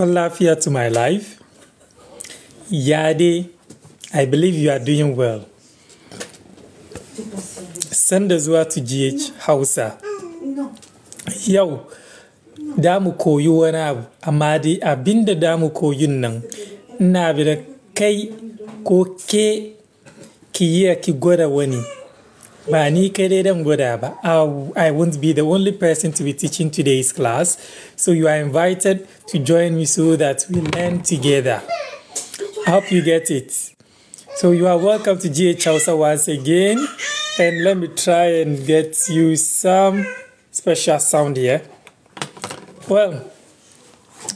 Welcome lafiya to my life. Yade, I believe you are doing well. Sanda zuwa to GH Hausa. Yau, damu koyi wani abu, amma dai abinda damu koyin nan, ina bi da kai ko ke ki yi ki gwada wani. but ni kadai dan gwada i won't be the only person to be teaching today's class so you are invited to join me so that we learn together i hope you get it so you are welcome to gh Hausa once again and let me try and get you some special sound here well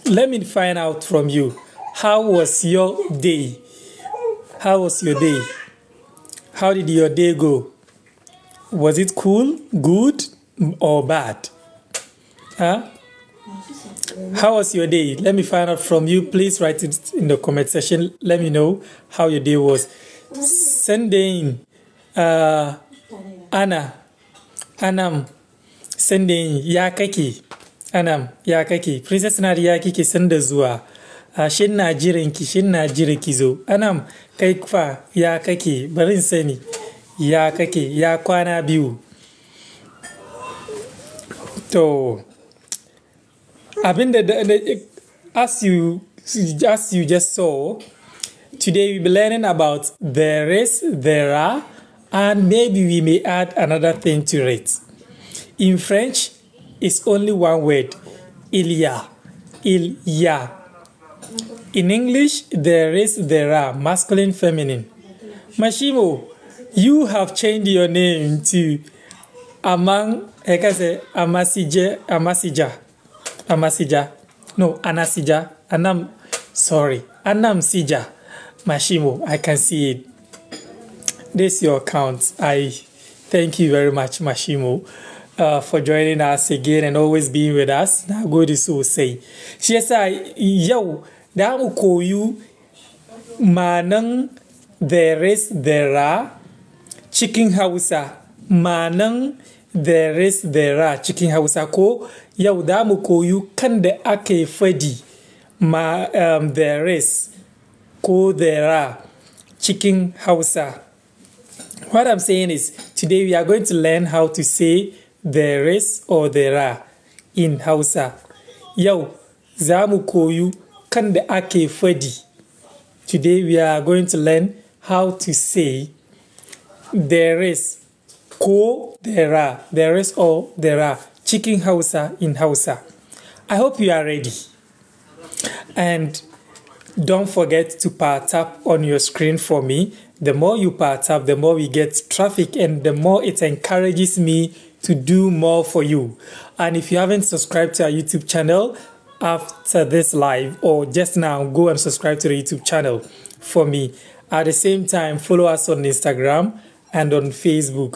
let me find out from you how was your day how was your day how did your day go was it cool, good, or bad? Huh? How was your day? Let me find out from you. Please write it in the comment section. Let me know how your day was. Sending uh, Anna, Anam, sending ya kake, Anam ya kake. Princess Nadia Yakiki sanda zuwa. Uh, shin na shin na jira ki zo. Anam kai fa ya kake, ya kake ya kwana biyu to abinda as you as you just saw today we'll be learning about there is there are and maybe we may add another thing to it in french it's only one word il y a il y a in english there is there are masculine feminine mashimo you have changed your name to amang ẹ eh, ká sẹ amasijẹ amasija amasija no anasija anam sorry anamsija mashimo i can see it this your account i thank you very much mashimo. Uh, for joining us again and always being with us. Na gode sosai. Shi yasa yau da mu koyu manan there is, there are, cikin hausa manan there there cikin hausa ko yau da mu koyu kan da aka yi fadi ma um, there ko there cikin hausa what i'm saying is today we are going to learn how to say there is or there are in hausa yau za mu koyu kan da ake fadi today we are going to learn how to say There is ko, there are, there is or there are chicken hausa in hausa. I hope you are ready. And don't forget to power tap on your screen for me. The more you power tap, the more we get traffic and the more it encourages me to do more for you. And if you haven't subscribed to our YouTube channel after this live or just now, go and subscribe to the YouTube channel for me. At the same time, follow us on Instagram and on Facebook,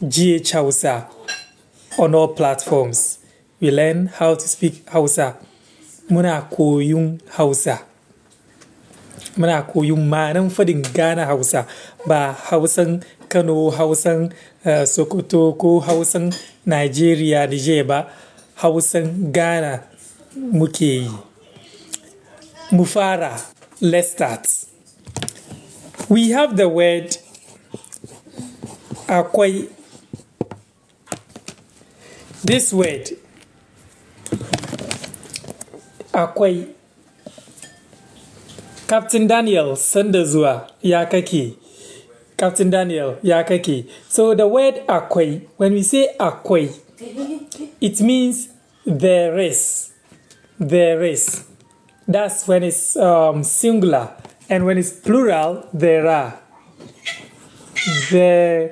GH Hausa. On all platforms, we learn how to speak Hausa. Muna koyon Hausa. Muna koyon ma'anan fadin Ghana Hausa ba Hausan Kano, Hausan uh, Sokoto ko Hausan Nigeria, Niger ba, Hausan Ghana muke Mufara, let's start. We have the word akwai this word akwai captain daniel sanda zuwa ya kake captain daniel ya kake so the word akwai when we say akwai it means there is there is that's when it's um, singular and when it's plural there are there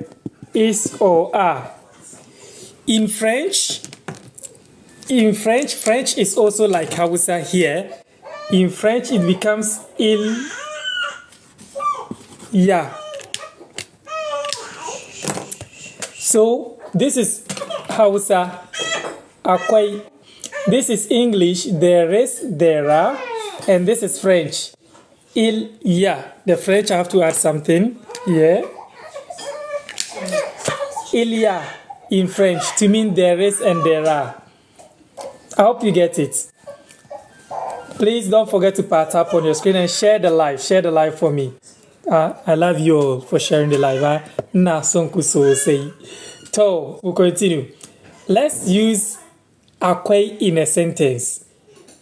is or are. In French, in French, French is also like Hausa here. In French, it becomes il. Yeah. So this is Hausa. Akwai. This is English. There is, there are, and this is French. Il, yeah. The French I have to add something. Yeah. Ilia in French to mean there is and there are. I hope you get it. Please don't forget to pat up on your screen and share the live. Share the live for me. Uh, I love you all for sharing the live. Huh? na sonku so say. So we continue. Let's use akwe in a sentence.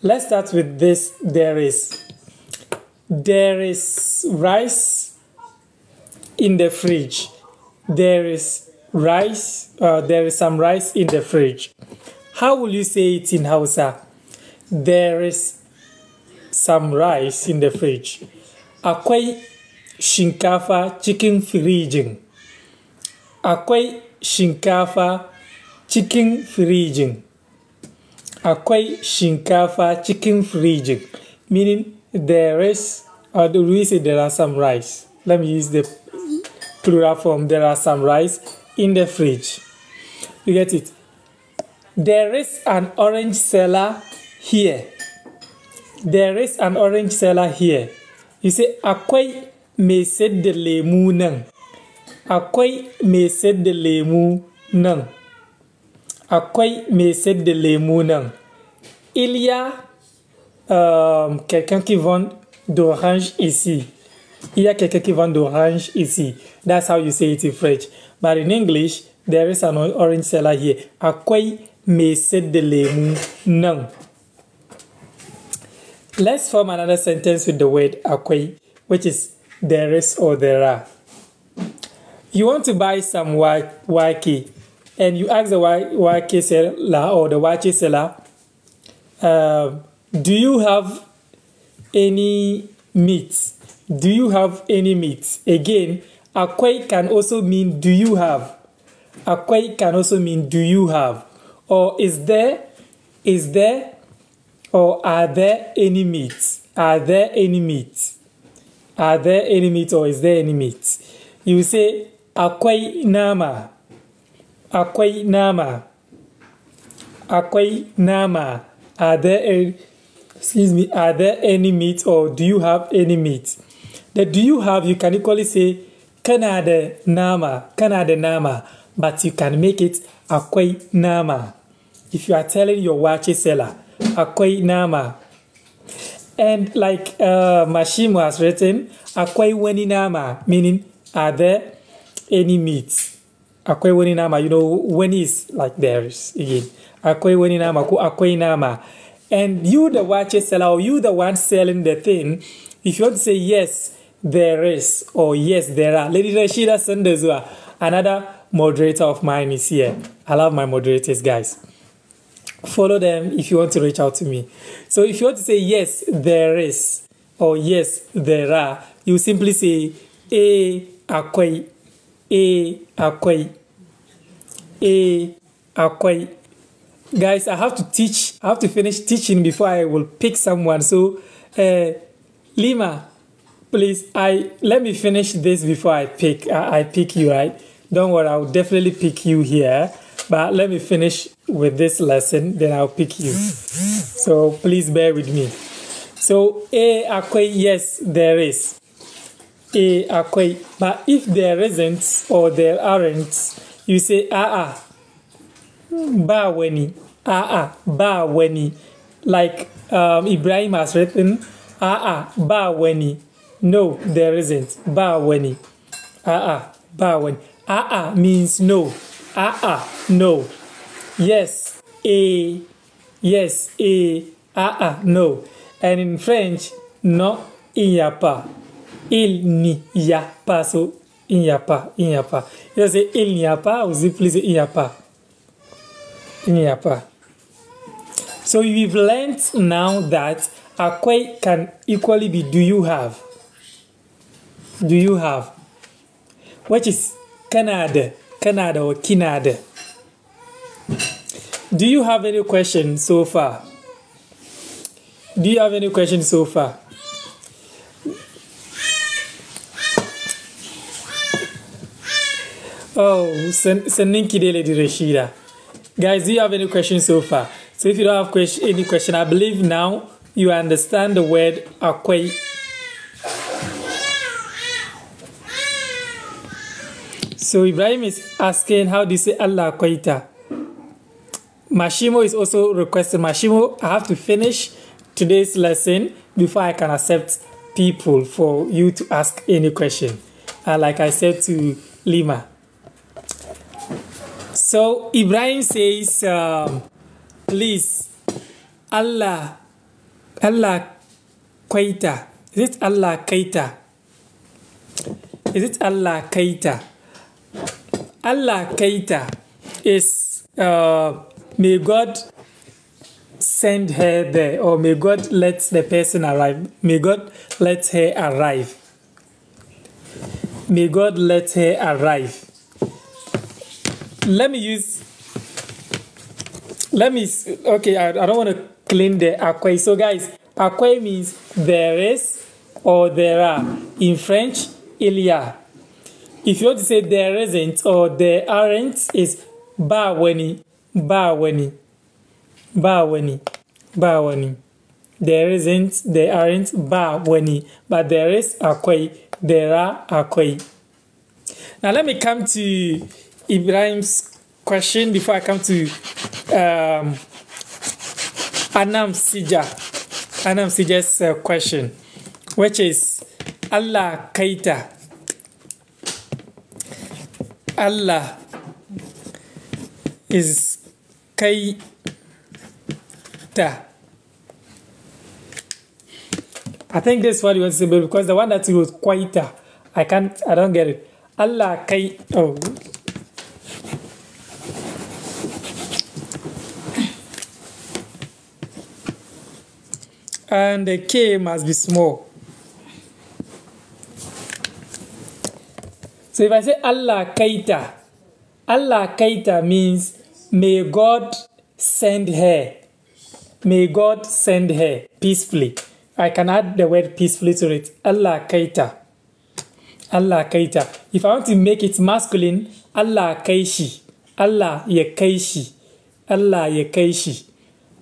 Let's start with this. There is. There is rice in the fridge. There is rice, uh, there is some rice in the fridge. How will you say it in Hausa? There is some rice in the fridge. Akwai shinkafa chicken freezing. Akwai shinkafa chicken freezing. Akwai shinkafa chicken freezing. Meaning there is, or uh, do we say there are some rice? Let me use the plural form. There are some rice in the fridge. You get it? There is an orange seller here. There is an orange seller here. You say, akwai me said the lemu nan. Akwai me said the lemu nan. Akwai me said the lemu nan. Il y a um, quelqu'un qui vend d'orange ici. Il y a quelqu'un qui vend d'orange ici. That's how you say it in French. But in English, there is an orange seller here. Akwai mai sayar da lemu nan. Let's form another sentence with the word akwai, which is there is or there are. You want to buy some wake and you ask the wake seller or the wake seller, uh, do you have any meat? Do you have any meat? Again, Akwai can also mean do you have? Akwai can also mean do you have? Or is there, is there, or are there any meats? Are there any meats? Are there any meats or is there any meat? You say akwai nama. Akwai nama. Akwai nama. Are there any, excuse me, are there any meat or do you have any meat? The do you have you can equally say kana nama kana nama but you can make it akwai nama if you are telling your watch seller akwai nama and like uh, Mashimo has written akwai wani nama meaning are there any meat akwai wani nama you know when is like theirs again akwai wani nama ko akwai nama and you the watch seller or you the one selling the thing if you want to say yes there is or oh, yes there are lady rashida sendezua another moderator of mine is here i love my moderators guys follow them if you want to reach out to me so if you want to say yes there is or yes there are you simply say a akwai a akwai a akwai guys i have to teach i have to finish teaching before i will pick someone so uh, lima please i let me finish this before i pick uh, i pick you right don't worry i'll definitely pick you here but let me finish with this lesson then i'll pick you so please bear with me so a akwe yes there is a akwe but if there isn't or there aren't you say ah ah ba weni ah ah ba weni like um, ibrahim has written ah ah ba weni no, there isn't. Ba ah ah Ba ah ah means no. ah ah No. Yes. A. Yes. A. Ah, ah No. And in French, no, il n'y a pas. Il n'y a pas. So, il n'y a pas. Il n'y a pas. You say il n'y a pas or simply say il n'y a pas. Il n'y a pas. So we've learned now that a quay can equally be do you have do you have which is Canada, Canada or Kinada? do you have any question so far do you have any question so far oh sending kidele to rashida guys do you have any question so far so if you don't have question, any question i believe now you understand the word akwai So Ibrahim is asking, how do you say Allah Akwaita? Mashimo is also requesting, Mashimo, I have to finish today's lesson before I can accept people for you to ask any question. Uh, like I said to Lima. So Ibrahim says, um, please, Allah, Allah Kwaita. Is it Allah Kaita? Is it Allah Kaita? Allah Keita is, uh, may God send her there, or may God let the person arrive. May God let her arrive. May God let her arrive. Let me use, let me, okay, I, I don't want to clean the aqua. So, guys, aqua means there is or there are. In French, il y a. if you want to say there isn't or there aren't is ba wani ba wani ba wani ba wani there isn't there aren't ba wani but there is akwai there are akwai now let me come to ibrahim's question before i come to um, anam sija anam sija's uh, question which is allah kaita Allah is ta. I think that's what you want to say, because the one that was kaita, I can't, I don't get it. Allah kai. Oh. And the K must be small. So if I say Allah Kaita, Allah Kaita means may God send her. May God send her peacefully. I can add the word peacefully to it. Allah Kaita. Allah Kaita. If I want to make it masculine, Allah Kaishi. Allah ye kaisi. Allah ye kaisi.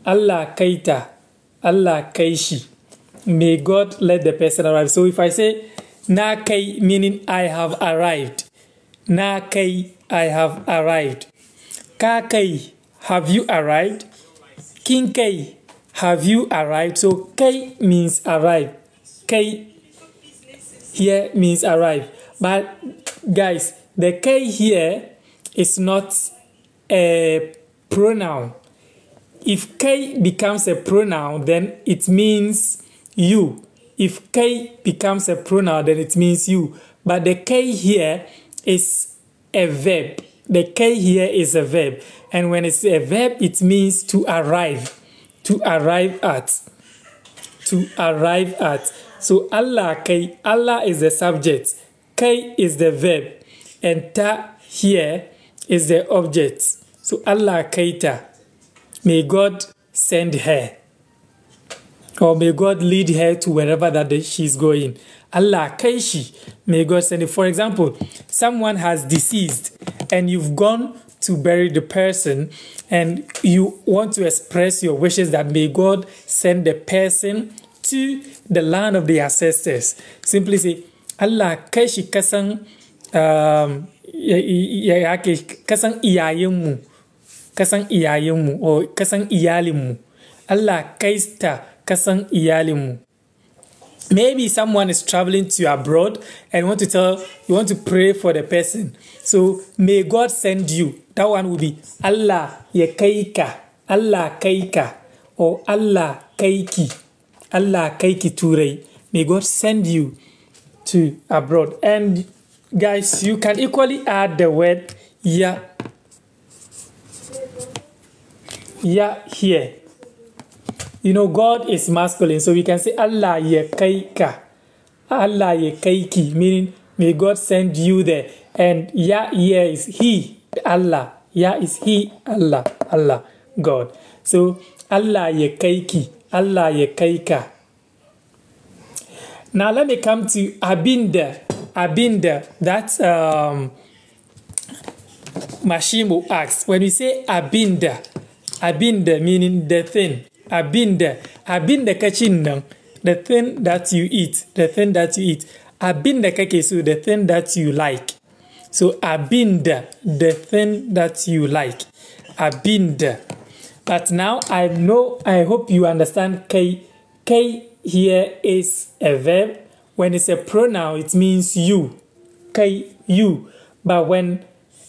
Allah Kaita. Allah Kaishi. May God let the person arrive. So if I say Na meaning I have arrived. Na kai I have arrived. Ka have you arrived? Kin have you arrived? So kai means arrive. Kai here means arrive. But guys, the K here is not a pronoun. If K becomes a pronoun, then it means you if K becomes a pronoun, then it means you. But the K here is a verb. The K here is a verb. And when it's a verb, it means to arrive. To arrive at. To arrive at. So Allah, K, Allah is the subject. K is the verb. And Ta here is the object. So Allah Kaita. May God send her or may God lead her to wherever that she's going. Allah kaishi. May God send it. For example, someone has deceased and you've gone to bury the person and you want to express your wishes that may God send the person to the land of the ancestors. Simply say, Allah kaishi kasang um kasang iyayenmu kasang iyayenmu or kasang iyalinmu. Allah kaista kasan iyalinmu maybe someone is traveling to abroad and want to tell you want to pray for the person so may god send you that one will be allah ya kaika allah kaika or allah kaiki allah kaiki turai may god send you to abroad and guys you can equally add the word ya ya here You know, God is masculine, so we can say Allah yekaika. Allah yekaiki, meaning may God send you there. And Ya yeah is He, Allah. Ya is He, Allah, Allah, God. So Allah yekaiki, Allah yekaika. Now let me come to Abinda. Abinda, that's um, Mashimu asks. When we say Abinda, Abinda meaning the thing. been there. I've been the thing that you eat the thing that you eat abinda kake so the thing that you like so there, the thing that you like there. but now i know i hope you understand k k here is a verb when it's a pronoun it means you k you but when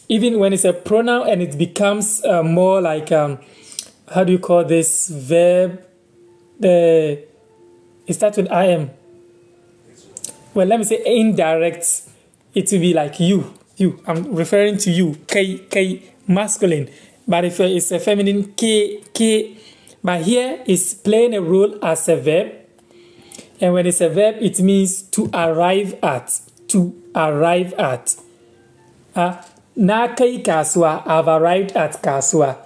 even when it's a pronoun and it becomes uh, more like um, how do you call this verb? The it starts with I am. Well, let me say indirect. It will be like you, you. I'm referring to you. K K masculine, but if it's a feminine K K, but here it's playing a role as a verb. And when it's a verb, it means to arrive at. To arrive at. Uh, na kai kaswa, I've arrived at kaswa.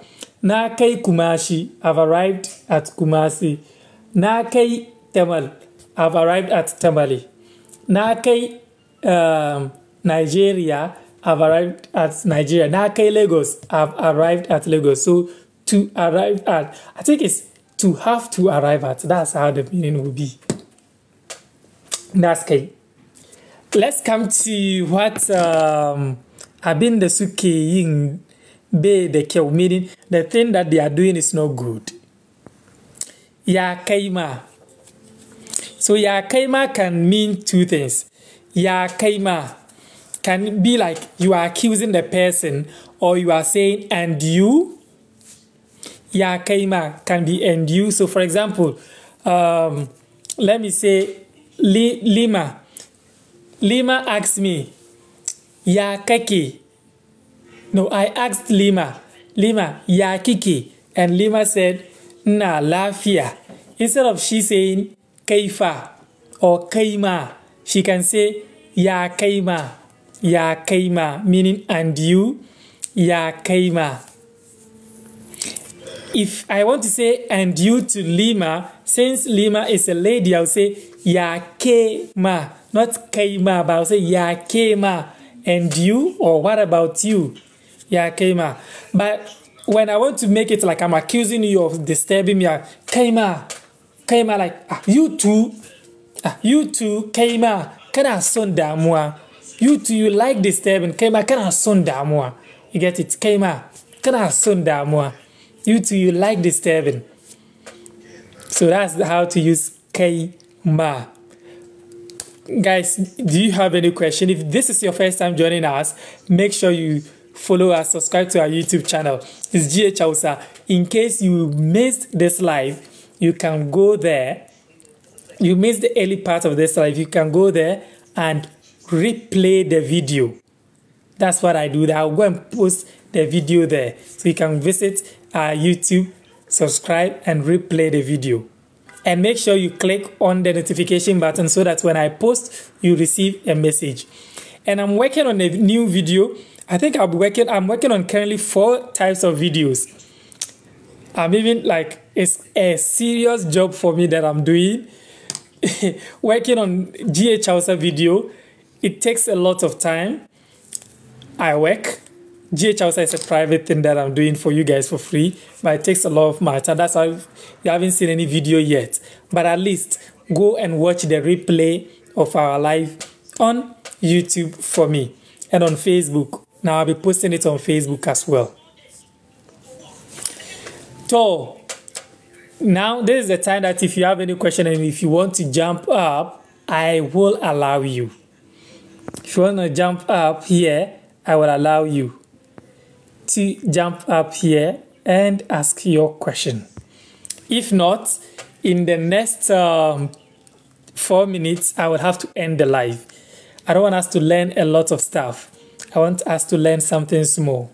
na kai kumashi i've arrived at kumasi na kai tamal i've arrived at tamale na kai um, nigeria i've arrived at nigeria na kai lagos i've arrived at lagos so to arrive at i think it's to have to arrive at that's how the meaning will be that's kai let's come to what um, abin da suke yin be the cow, meaning the thing that they are doing is not good. Ya kaima. So ya kaima can mean two things. Ya kaima can be like you are accusing the person or you are saying and you. Ya kaima can be and you. So for example, um, let me say li, Lima. Lima asks me, Ya kaki no, I asked Lima, Lima, ya kiki? And Lima said, na lafia. Instead of she saying kaifa or kaima, she can say ya kaima, ya kaima, meaning and you, ya kaima. If I want to say and you to Lima, since Lima is a lady, I'll say ya kema, not kaima, but I'll say ya kema, And you, or what about you? yeah, Kaima. But when I want to make it like I'm accusing you of disturbing me, I, Kaima, like ah, you too, ah, you too, Kaima, kana son damwa. You too, you like disturbing, Kaima, kana son damwa. You get it, Kaima, kana son damwa. You too, you like disturbing. So that's how to use Kaima guys do you have any question if this is your first time joining us make sure you follow us, subscribe to our YouTube channel. It's GH Hausa. In case you missed this live, you can go there. You missed the early part of this live, you can go there and replay the video. That's what I do. I'll go and post the video there. So you can visit our YouTube, subscribe, and replay the video. And make sure you click on the notification button so that when I post, you receive a message. And I'm working on a new video I think I'm working. I'm working on currently four types of videos. I'm even like it's a serious job for me that I'm doing. working on GH Hausa video, it takes a lot of time. I work. GH Hausa is a private thing that I'm doing for you guys for free, but it takes a lot of my time. That's why you haven't seen any video yet. But at least go and watch the replay of our live on YouTube for me and on Facebook now I'll be posting it on Facebook as well. So now this is the time that if you have any question and if you want to jump up, I will allow you. If you want to jump up here, I will allow you to jump up here and ask your question. If not, in the next um, four minutes, I will have to end the live. I don't want us to learn a lot of stuff. I want us to learn something small.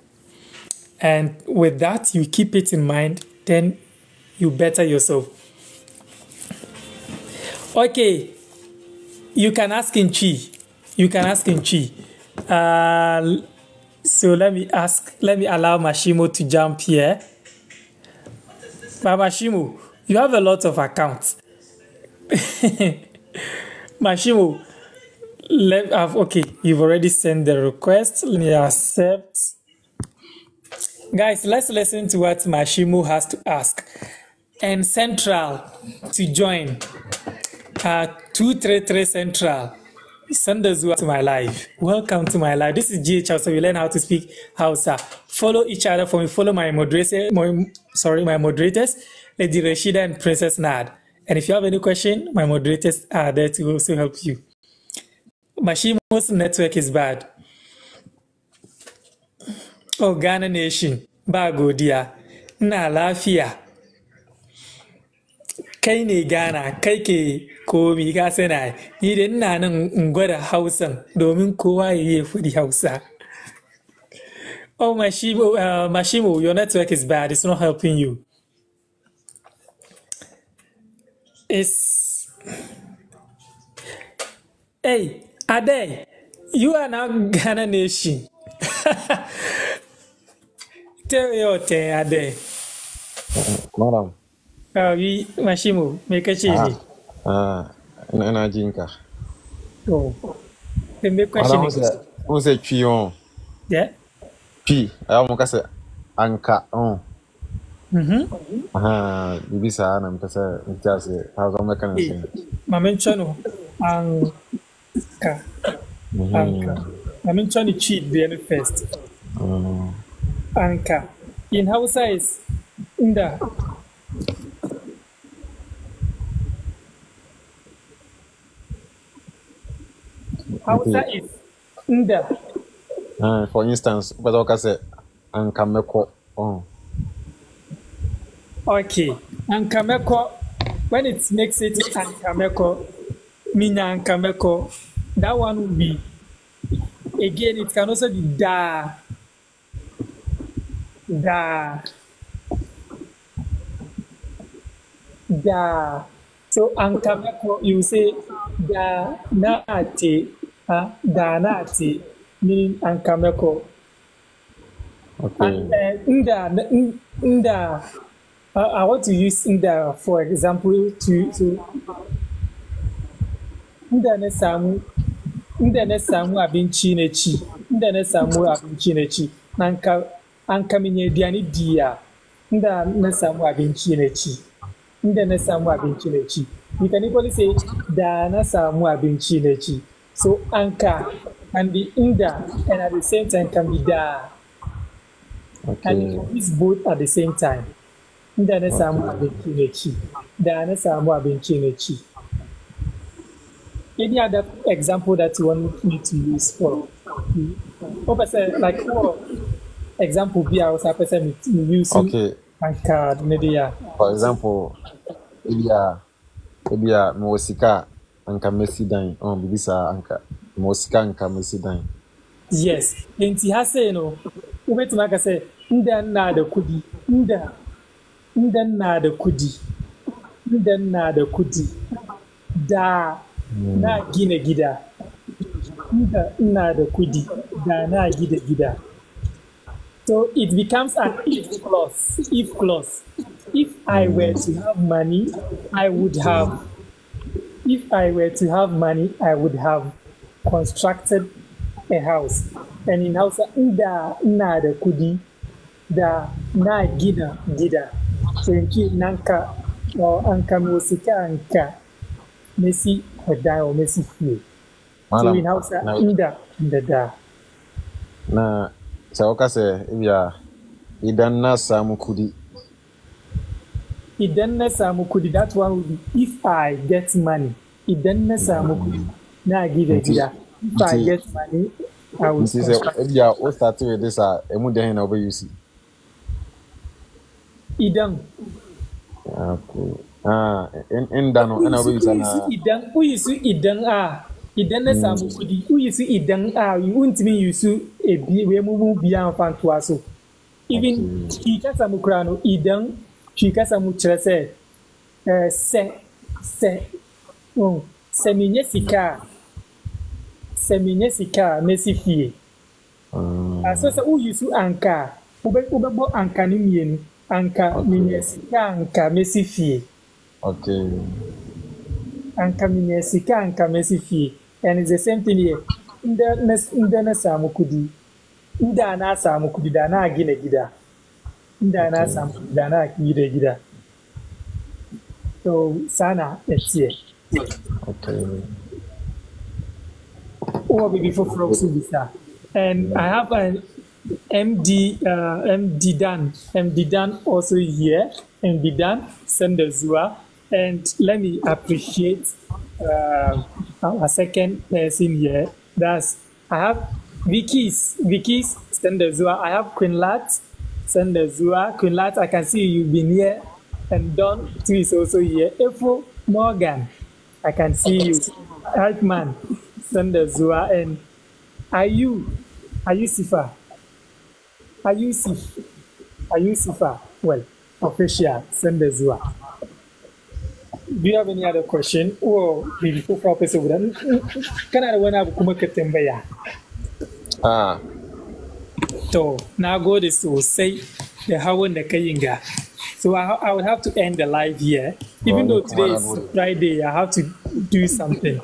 And with that, you keep it in mind, then you better yourself. Okay, you can ask in Chi. You can ask in Chi. Uh, so let me ask, let me allow Mashimo to jump here. But Mashimo, you have a lot of accounts. Mashimo, let have okay you've already sent the request let me accept guys let's listen to what mashimu has to ask and central to join uh 233 central send us to my life welcome to my life this is gh so we learn how to speak hausa follow each other for me follow my moderator my, sorry my moderators lady rashida and princess nad and if you have any question my moderators are there to also help you Mashimu's network is bad. Oh, Ghana Nation, ba godiya, ina lafiya. Kai ne Ghana, kai ke komi ka sana, ni da ina nan in gwada Hausan domin kowa ya yi fudi Hausa. Oh, Mashimu, uh, Mashimu, your network is bad, it's not helping you. It's... Hey, Ade, you are now Ghana nation. Tell me your tale, Ade. Madam. Ah, we Mashimo, make a change. Ah, ah na jinka. Oh. Then make question. Madam, who say twi on? Yeah. P, I ah, am kasa anka on. Mhm. Ah, bibi sa na mpesa mtase. How come kana sing? Mamenchono. Ang car. Anka. I'm in trying to cheat very fast. Oh. Anka. In Hausa is inda. Hausa is inda. Uh, for instance, but like I said, anka meko. Oh. Okay. Anka meko. When it makes it anka meko, mina anka meko. that one will be again it can also be da da da so ankameko you say da na ate uh, da na ate meaning ankameko okay. and uh, nda nda uh, I want to use nda for example to to nda ne samu inda na samu abinci na ci inda na samu abinci na ci an biya diani diya inda na samu abinci na ci inda na samu abinci na ci ita ni kwalise da na samu abinci na ci so anka and be inda and at the same time can be da okay. and it is both at the same time inda na samu abinci na ci da na samu abinci na ci any other example that you want me to use for what person like what example be I was a person use okay and card maybe yeah for example maybe yeah maybe yeah mo sika anka mesi dan oh bibi sa anka Mosika sika anka mesi dan yes enti ha say no ubetuma ka say inda na da kudi inda inda na kudi inda na da kudi da Hmm. na gina gida ina da kudi da na gida gida so it becomes an if clause if clause if i hmm. were to have money i would have if i were to have money i would have constructed a house and in house inda ina da kudi da na gina gida so in nanka or oh, anka musika anka nesi da wa Messi fiye. Malam Hausa inda da da. Na sai ka sai biya idan na samu kudi. Idan na samu kudi that one would be if I get money. Idan na samu kudi na gida gida. If I get money I will. Nti sɛ ebiya o start with this a ah, emu dɛn na o bɛ use. Idan. Okay in da no ana bai sana idan uyi su idan a idan na hmm. samu kudi uyi su idan a yuntumi yi su ebi we mu mu biya fantuwa so even ki ka samu kurano idan ki ka samu kyerɛ sɛ eh sɛ sɛ um sɛ menyɛ sika sɛ menyɛ sika mesi fie ah. aso sɛ uyi su anka wobɛbɔ anka no mmienu anka menyɛ sika anka mesi fie Ok. Anka mi ne sika anka me si fie. And it's the same thing here. Inda na samu kudi. Inda na samu kudi da na gina gida. Inda na samu kudi da na gina gida. So sana etie. Okay. Uwa bibi foforɔ so bisa. And I have an MD, uh, MD Dan, MD Dan also here, MD Dan send the Sendezua. And let me appreciate uh, our second person here. That's I have Vicky's Vicky's Sendezua. I have Queen Zua. Sendezua. Lat, I can see you've been here, and Don too is also here. April Morgan, I can see you. Altman Sendezua, and are you are you Sifa? Are you Sifa? Are you Sifa? Well, official Sendezua do you have any other question? Oh, ko Professor Can kana da wani abu kuma ka tambaya. Ah. To, na gode sosai da hawan da kai So I, I would have to end the live here. Even though today is Friday, I have to do something.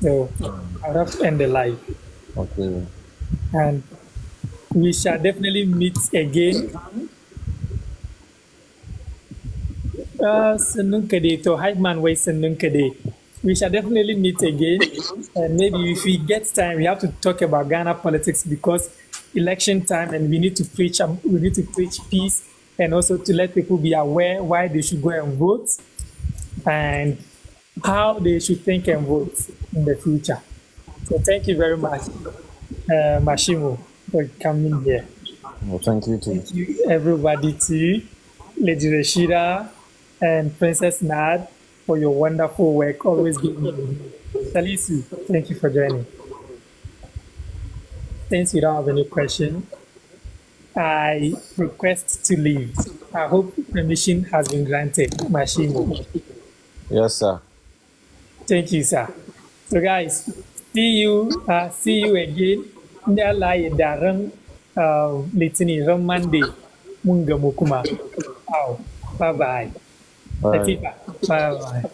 So I would have to end the live. Okay. And we shall definitely meet again uh, Sununkade, to Hagman Way Sununkade. We shall definitely meet again. And maybe if we get time, we have to talk about Ghana politics because election time and we need to preach um, we need to preach peace and also to let people be aware why they should go and vote and how they should think and vote in the future. So thank you very much, uh, Mashimo, for coming here. Well, thank you too. Thank you everybody too. Lady Rashida, and Princess Nad for your wonderful work. Always be Salisu, thank you for joining. Since you don't have any question, I request to leave. I hope permission has been granted, Mashimo. Yes, sir. Thank you, sir. So, guys, see you. Uh, see you again. Ndala darang uh, litini ran Monday. Munga mukuma. Bye bye. はい。はい。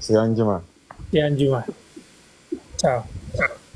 See you, Ciao.